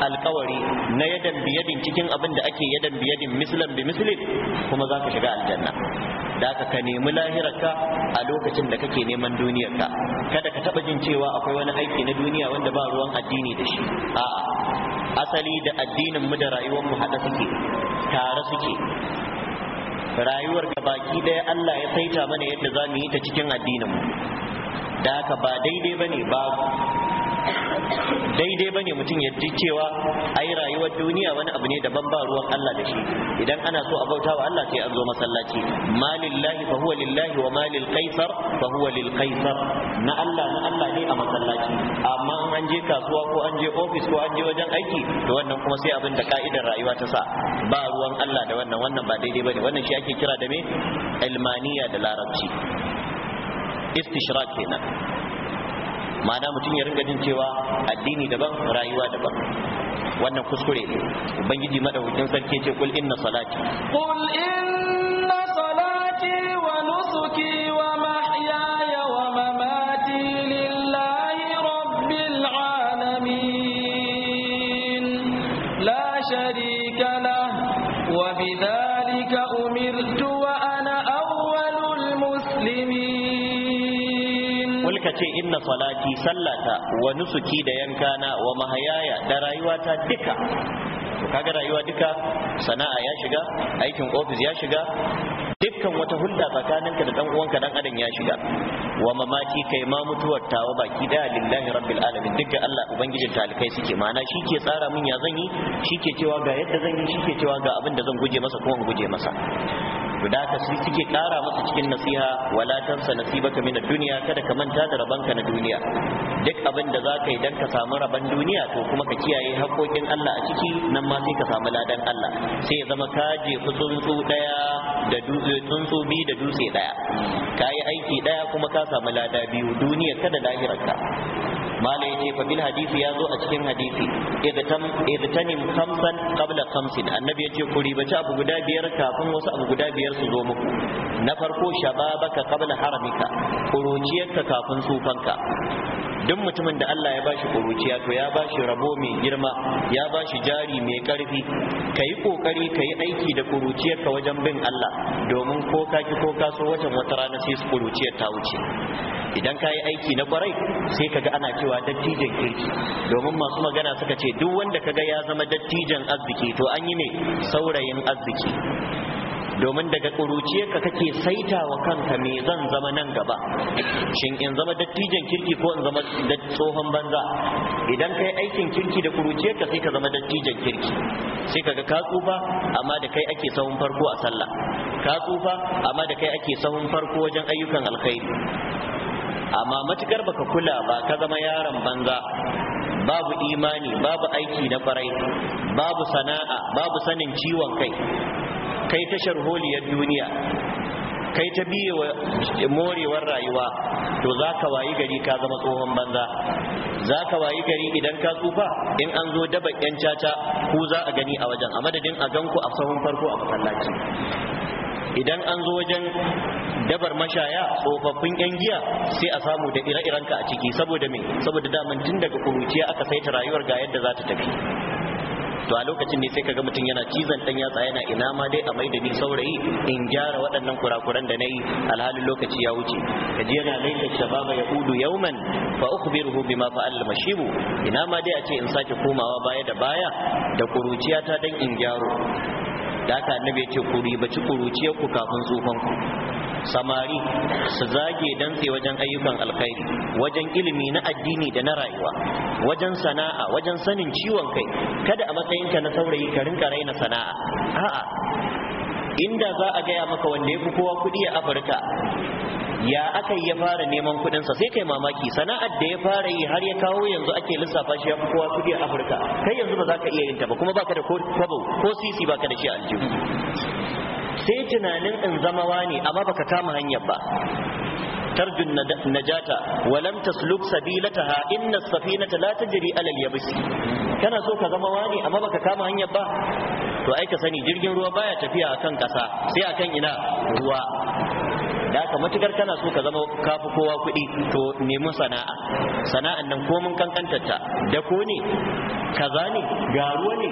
alkawari na yadan biyadin cikin abin da ake yadan biyadin mislan bi mislin kuma za ka shiga aljanna da aka ka nemi lahirarka a lokacin da kake neman duniyarka kada ka taba jin cewa akwai wani aiki na duniya wanda ba ruwan addini da shi a'a asali da addinin mu da rayuwar mu hada suke tare suke rayuwar ga baki ɗaya Allah ya saita mana yadda za mu yi ta cikin addinin mu da haka ba daidai bane ba daidai bane mutum ya ji cewa ai rayuwar duniya wani abu ne daban ba ruwan Allah da shi idan ana so a bauta wa Allah sai an zo masallaci malillahi fa huwa lillahi wa malil qaisar fa huwa lil qaisar na Allah na Allah ne a masallaci amma in an je kasuwa ko an je office ko an je wajen aiki to wannan kuma sai abin da ka'idar rayuwa ta sa ba ruwan Allah da wannan wannan ba daidai bane wannan shi ake kira da me ilmaniya da larabci istishraq kenan ma'ana mutum ya ringa jin cewa addini daban rayuwa daban wannan kuskure ubangiji madaukakin sarki ce kul inna salati kul in ce inna salati sallata wa nusuki da yankana wa mahayaya da rayuwata duka to kaga rayuwa duka sana'a ya shiga aikin ofis ya shiga dukkan wata hulɗa tsakaninka da dan uwanka dan adam ya shiga wa mamaki kai ma mutuwar tawa baki da lillahi rabbil alamin duk ga Allah ubangijin talikai suke mana shi ke tsara min ya zan yi shi ke cewa ga yadda zan yi shi ke cewa ga abin da zan guje masa kuma in guje masa to ka haka suke kara masa cikin nasiha wala tansa nasibaka min ad-dunya kada ka manta da rabanka na duniya duk abin da zaka yi dan ka samu raban duniya to kuma ka kiyaye haƙoƙin Allah a ciki nan ma sai ka samu ladan Allah sai ya zama ka je tsuntsu daya eh, da dutse tsuntsu bi da dutse daya ka aiki daya kuma ka samu lada biyu duniya kada lahirarka malai yace fa bil hadisi yazo a cikin hadisi idtam Tanim khamsan qabla khamsin annabi yace ku ribaci abu guda biyar kafin wasu abu guda biyar su zo muku na farko shababaka qabla haramika kuruciyarka kafin tsufanka duk mutumin da Allah ya bashi kuruciya to ya bashi rabo mai girma ya bashi jari mai karfi kayi kokari kayi aiki da kuruciyarka wajen bin Allah domin ko ka ki ko ka so wajen wata rana sai kuruciyar ta wuce idan ka yi aiki na kwarai sai ka ga ana cewa dattijan kirki domin masu magana suka ce duk wanda ka ga ya zama dattijan arziki to an yi ne saurayin arziki domin daga ƙuruciyarka kake saita wa kanka me zan zama nan gaba shin in zama dattijan kirki ko in zama tsohon banza idan kai aikin kirki da ƙuruciyarka sai ka zama dattijan kirki sai ga ka tsufa amma da kai ake sahun farko a sallah ka tsufa amma da kai ake sahun farko wajen ayyukan alkhairi amma matukar baka kula ba ka zama yaron banza babu imani babu aiki na farai babu sana'a babu sanin ciwon kai kai ta sharholiyar duniya kai ta biye wa morewar rayuwa to za ka wayi gari ka zama tsohon banza za ka wayi gari idan ka tsufa in an zo daba yan caca ku za a gani a wajen a madadin a ganku a sahun farko a masallaci idan an zo wajen dabar mashaya tsofaffin yan giya sai a samu da ire-iren a ciki saboda me saboda daman tun daga kuruciya aka saita rayuwar ga yadda za ta tafi to a lokacin ne sai kaga mutum yana cizon dan yatsa yana ina ma dai a mai da ni saurayi in gyara waɗannan kurakuran da nayi alhalin lokaci ya wuce ji yana laifin shababa ya udu yauman fa ukhbiruhu bima fa'al mashibu ina ma dai a ce in sake komawa baya da baya da kuruciya ta dan in gyaro da aka annabi ya ce ku ci kuruciyar ku kafin tsufan ku samari su zage dantse wajen ayyukan alkhairi wajen ilimi na addini da na rayuwa wajen sana'a wajen sanin ciwon kai kada a matsayinka na saurayi ka rinka raina sana'a a'a inda za a gaya maka wanda ya fi kowa kuɗi a afirka ya aka yi ya fara neman kuɗinsa sai kai mamaki sana'ar da ya fara yi har ya kawo yanzu ake lissafa shi ya fi kowa kuɗi a afirka kai yanzu ba za ka iya yin ta ba kuma baka da kwabo ko sisi baka da shi a aljihu sai tunanin in zama wani amma baka kama hanyar ba Najata ترجو النجاة ولم safinata la tajri ala al-yabsi kana so ka سوك wani amma baka kama hanyar ba. to ai ka sani jirgin ruwa baya tafiya akan ƙasa sai akan ina ruwa da aka matukar kana so ka zama kafi kowa kuɗi to nemi sana'a sana'an nan komin kankantarta da ko ne kaza ne garuwa ne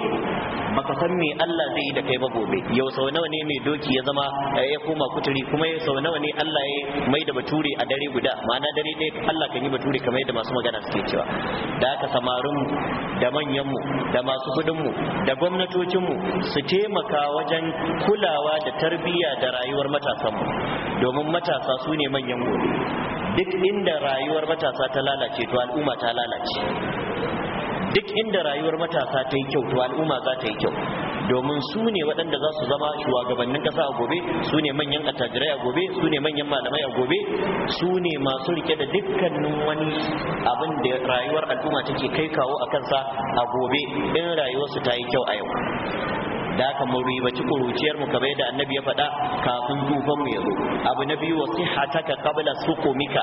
baka san me Allah zai yi da kai ba gobe yau sau nawa ne mai doki ya zama eh, ya koma kuturi kuma yau sau nawa ne Allah ya mai da bature a dare guda ma'ana dare ɗaya Allah kan yi bature kamar yadda masu magana suke cewa da aka samarin da manyan mu da masu kudin mu da gwamnatocin mu su taimaka wajen kulawa da tarbiyya da rayuwar matasan mu domin matasa su ne manyan gobe duk inda rayuwar matasa ta lalace to al'umma ta lalace duk inda rayuwar matasa ta yi kyau to al'umma za ta yi kyau domin su ne waɗanda za su zama shugabannin ƙasa a gobe su ne manyan attajirai a gobe su ne manyan malamai a gobe su ne masu rike da dukkanin wani abin da rayuwar al'umma take kai kawo a kansa a gobe in rayuwarsu ta yi kyau a yau da ka mu ribaci kuruciyar mu kamar da annabi ya faɗa kafin tufan mu yazo abu na biyu ka qabla sukumika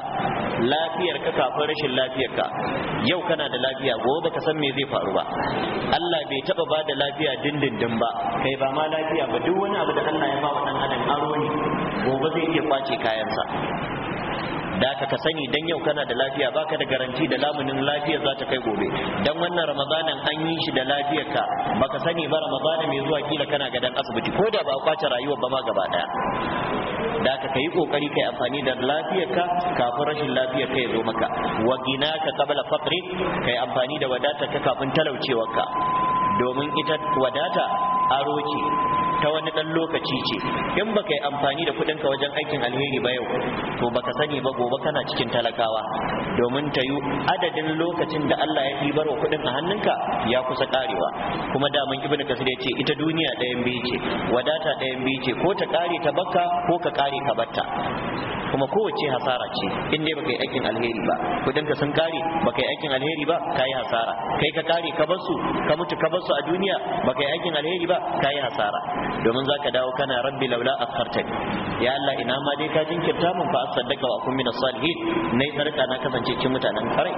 lafiyar ka kafin rashin lafiyar ka yau kana da lafiya gobe ka san me zai faru ba Allah bai taba ba da lafiya dindindin ba kai ba ma lafiya ba duk wani abu da Allah ya ba wa dan adam aro ne gobe zai iya kwace kayansa da haka ka sani dan yau kana da lafiya baka da garanti da lamunin lafiya za ta kai gobe dan wannan ramadanin an yi shi da lafiyar ka baka sani ba ramadanin mai zuwa kila kana gadan asibiti ko da ba kwace rayuwar ba ma gaba daya da haka kai kokari kai amfani da lafiyar ka kafin rashin lafiyar ka ya zo maka wa gina ka qabla faqri kai amfani da wadata ka kafin talaucewar ka domin ita wadata aro ta wani dan lokaci ce in baka yi amfani da kuɗin ka wajen aikin alheri ba yau to baka sani ba gobe kana cikin talakawa domin ta yi adadin lokacin da Allah ya ɗibar wa kuɗin a hannunka ya kusa karewa kuma daman ibn kasir ya ce ita duniya ɗayan biyu ce wadata ɗayan biyu ce ko ta kare ta bakka ko ka kare ka batta kuma kowace hasara ce in dai baka yi aikin alheri ba kudin ka sun kare baka yi aikin alheri ba ka yi hasara kai ka kare ka basu ka mutu ka basu a duniya baka yi aikin alheri ba ka yi hasara domin zaka dawo kana rabbi laula akhartani ya Allah ina ma dai ka jinkirta mun fa asaddaka wa akun min salihin nayi tsarka na kasance cikin mutanen kwarai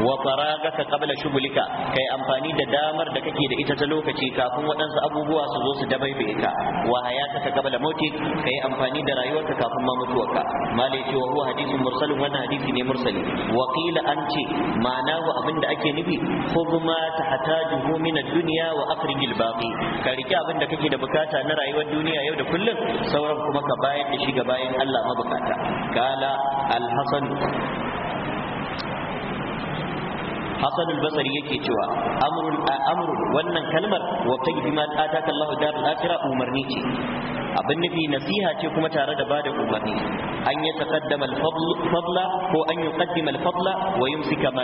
wa faragaka qabla shugulika kai amfani da damar da kake da ita ta lokaci kafin waɗansu abubuwa su zo su dabaibe ka wa hayataka qabla mautik kai amfani da rayuwarka kafin ma mutuwarka mala yace wa huwa hadithun mursalun wannan hadisi ne mursali wa qila an ce ma'anahu abinda ake nufi khudh ma tahtajuhu min ad-dunya wa akhrijil baqi ka rike abinda kake da bukata na rayuwar duniya yau da kullum sauran kuma ka bayar da shi ga bayan Allah mabukata kala al-hasan hasan al-basri yake cewa amrun amrun wannan kalmar wa tayyibi ma ataka Allah darul umarni ce abin nufi nasiha ce kuma tare da bada umarni an ya taqaddama al-fadla ko an yuqaddima al-fadla wa yumsika ma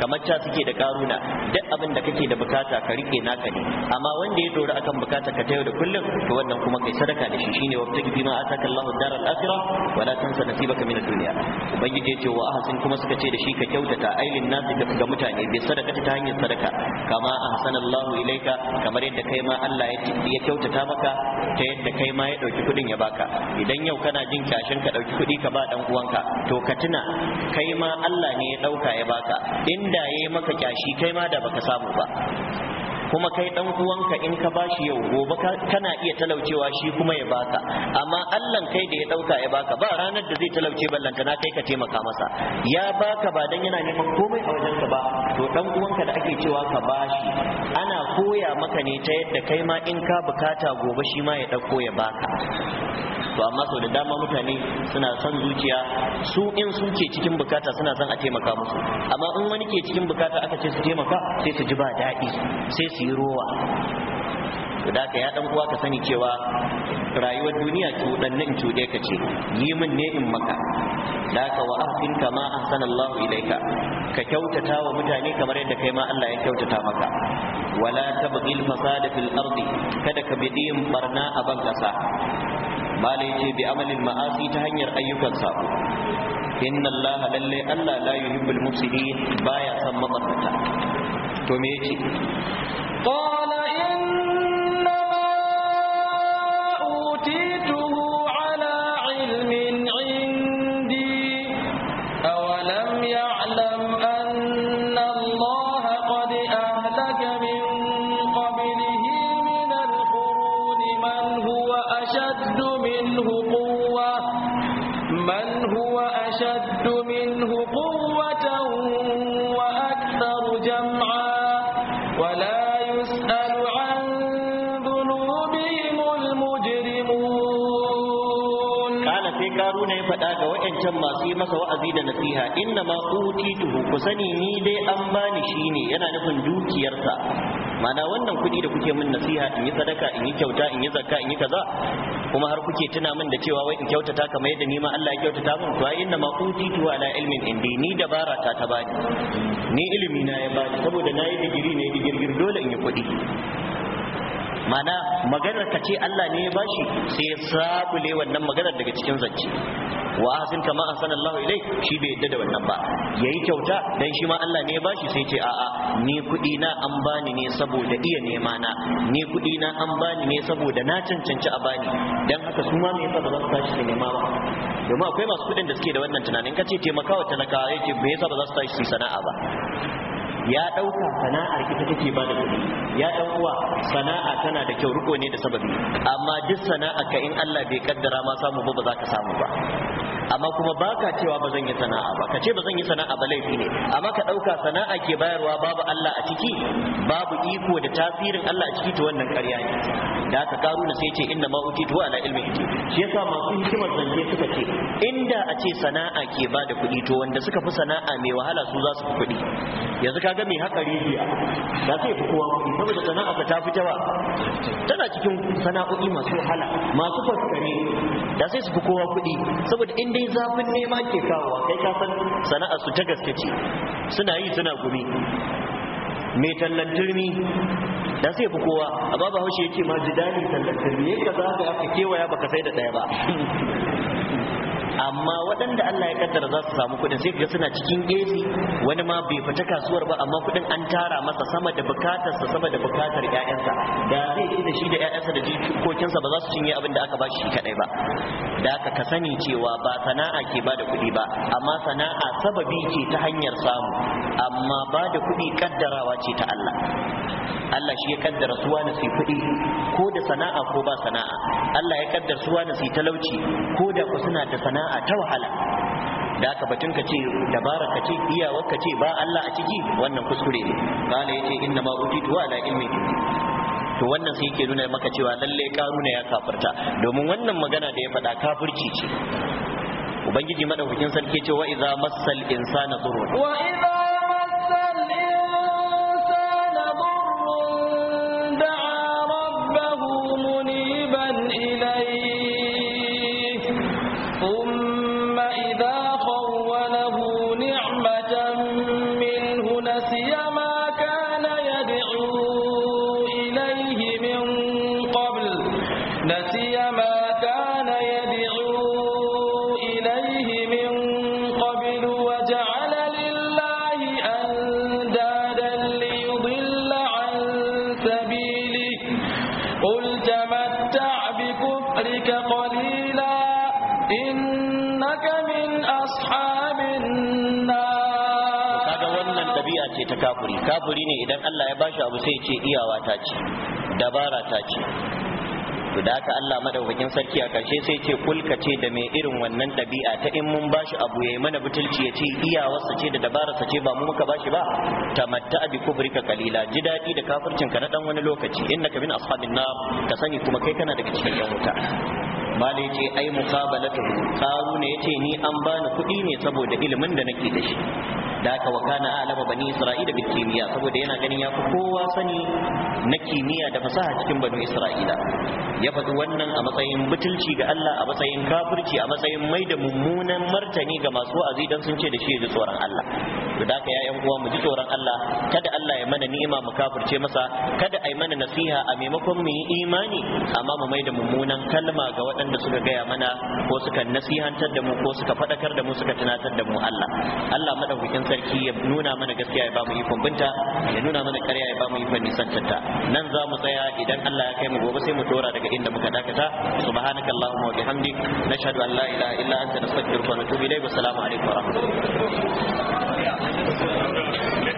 kamar ta suke da karuna duk abin da kake da bukata ka rike naka ne amma wanda ya dora akan bukata ka ta da kullum to wannan kuma kai sadaka da shi shine wabtaki bima Allah ad-daral akhirah wa la tansa nasibaka min ad-dunya ubangiji yace wa ahsin kuma suka ce da shi ka kyautata ailin nasi ka ga mutane bai sadaka ta hanyar sadaka kama ahsanallahu ilaika kamar yadda kai ma Allah ya kyautata maka ta yadda kai ma ya ɗauki kudin ya baka idan yau kana jin kyashin ka ɗauki kudi ka ba dan uwanka to ka tuna kai ma Allah ne ya ɗauka ya baka inda yayi maka kyashi kai ma da baka samu ba kuma kai dan uwanka in ka bashi yau gobe kana iya talaucewa shi kuma ya baka amma Allah kai da ya dauka ya baka ba ranar da zai talauce ballanta na kai ka taimaka masa ya baka ba dan yana neman komai a wajenka ba to dan uwanka da ake cewa ka bashi ana koya maka ne ta yadda kai ma in ka bukata gobe shi ma ya dauko ya baka to amma sau da dama mutane suna son zuciya su in sun ke cikin bukata suna son a taimaka musu amma in wani ke cikin bukata aka ce su taimaka sai su ji ba daɗi sai su da ya dan uwa ka sani cewa rayuwar duniya cuɗannin cuɗe ka ce yi min ne in maka da ka wa ahsin kama ahsanallahu ilaika ka kyautata wa mutane kamar yadda kai ma Allah ya kyautata maka wala tabghil fasada fil ardi kada ka bidi barna a ban kasa mala yace bi amalin ma'asi ta hanyar ayyukan sabo inna allaha lalle Allah la yuhibbul mufsidin baya son mabarnata tomei aqui. wa'ancan masu yi masa wa'azi da nasiha inna ma utituhu ku sani ni dai an bani shine yana nufin dukiyarsa mana wannan kuɗi da kuke min nasiha in yi sadaka in yi kyauta in yi zakka in yi kaza kuma har kuke tuna min da cewa wai in kyautata kamar yadda ni ma Allah ya kyautata min to inna ma utitu ala ilmin indi ni dabara ta ta bani ni ilimi na ya bani saboda nayi digiri ne digirgir dole in yi kuɗi mana maganar ka ce Allah ne ya bashi sai ya sabule wannan maganar daga cikin zance wa ahsin kama ahsana Allah ilai shi bai yadda da wannan ba yayi kyauta dan shi ma Allah ne ya bashi sai ce a'a ni kudi na an bani ne saboda iya nema na ni kudi na an bani ne saboda na cancanci a bani dan haka su ma me yasa ba za su tashi su nema ba domin akwai masu kudin da suke da wannan tunanin kace taimakawa talakawa yake me yasa ba za su tashi su sana'a ba ya ɗauka sana'ar ita take ba da kuɗi ya ɗauka uwa sana'a tana da kyau riko ne da sababi amma duk sana'a ka in Allah bai kaddara ma samu ba ba za ka samu ba amma kuma baka cewa ba zan yi sana'a ba ka ce ba zan yi sana'a ba laifi ne amma ka ɗauka sana'a ke bayarwa babu Allah a ciki babu iko da tasirin Allah a ciki to wannan ƙarya ne da ka karu na sai ce inna ma utitu ala ilmi iti shi yasa masu hikimar zance suka ce inda a ce sana'a ke ba da kuɗi to wanda suka fi sana'a mai wahala su za su fi kuɗi yanzu kaga mai haƙa rijiya da sai fi kowa kuɗi saboda sana'a ka ta fi tawa tana cikin sana'o'i masu wahala masu fasikare da sai su fi kowa kuɗi saboda inda dai zafin nema ke kawowa kai kasan, san sana'a su ta gaske ce suna yi suna gumi mai tallan turmi da sai fi kowa a babu haushe yake ma jidali tallan turmi yadda za ka kewaya baka sai da ɗaya ba amma waɗanda Allah ya kaddara za su samu kuɗin sai ga suna cikin gezi wani ma bai fita kasuwar ba amma kuɗin an tara masa sama da bukatarsa sama da bukatar ƴaƴansa da zai yi da shi da ƴaƴansa da jikokinsa ba za su cinye abin da aka ba shi kadai ba da aka ka sani cewa ba sana'a ke ba da kuɗi ba amma sana'a sababi ce ta hanyar samu amma ba da kuɗi kaddarawa ce ta Allah Allah shi ya kaddara su wani su kuɗi ko da sana'a ko ba sana'a Allah ya kaddara su wani su talauci ko da ku suna da sana'a ta wahala da aka batun ka ce dabara ka ce iyawar ka ce ba Allah a ciki wannan kuskure ne kana yace inna ma utitu ala ilmi to wannan sai yake nuna maka cewa lalle karuna ya kafirta domin wannan magana da ya faɗa kafirci ce ubangiji madaukakin sarki ce wa idza massal insana dhurrun wa idza ta kafuri kafuri ne idan Allah ya bashi abu sai ce iyawa ta ce dabara ta ce to da haka Allah madaukakin sarki a karshe sai ce kulka ce da mai irin wannan dabi'a ta in mun bashi abu yayi mana butulci ya ce sa ce da dabararsa ce ba mu muka bashi ba tamatta bi kubrika kalila ji dadi da kafircin ka na dan wani lokaci innaka min ashabin nar ka sani kuma kai kana daga cikin yan wuta malai ce ai muqabalatu qaruna yace ni an bani kuɗi ne saboda ilimin da nake da shi da aka wakana alama bani isra'ila bil kimiyya saboda yana ganin ya fi kowa sani na kimiyya da fasaha cikin bani isra'ila ya faɗi wannan a matsayin butulci ga Allah a matsayin kafirci a matsayin mai da mummunan martani ga masu wa'azi dan sun ce da shi ya ji tsoron Allah to da aka yayan uwa mu ji tsoron Allah kada Allah ya mana ni'ima mu kafirce masa kada ai mana nasiha a maimakon mu yi imani amma mu mai da mummunan kalma ga waɗanda suka gaya mana ko suka nasihantar da mu ko suka faɗakar da mu suka tunatar da mu Allah Allah madaukakin sarki ya nuna mana gaskiya ya ba ikon binta ya nuna mana karya ya bamu mu ikon nisantanta nan za mu tsaya idan Allah ya kai mu gobe sai mu dora daga inda muka dakata subhanakallahumma wa bihamdik nashhadu an la ilaha illa anta nastaghfiruka wa natubu ilayk wa assalamu alaikum wa rahmatullahi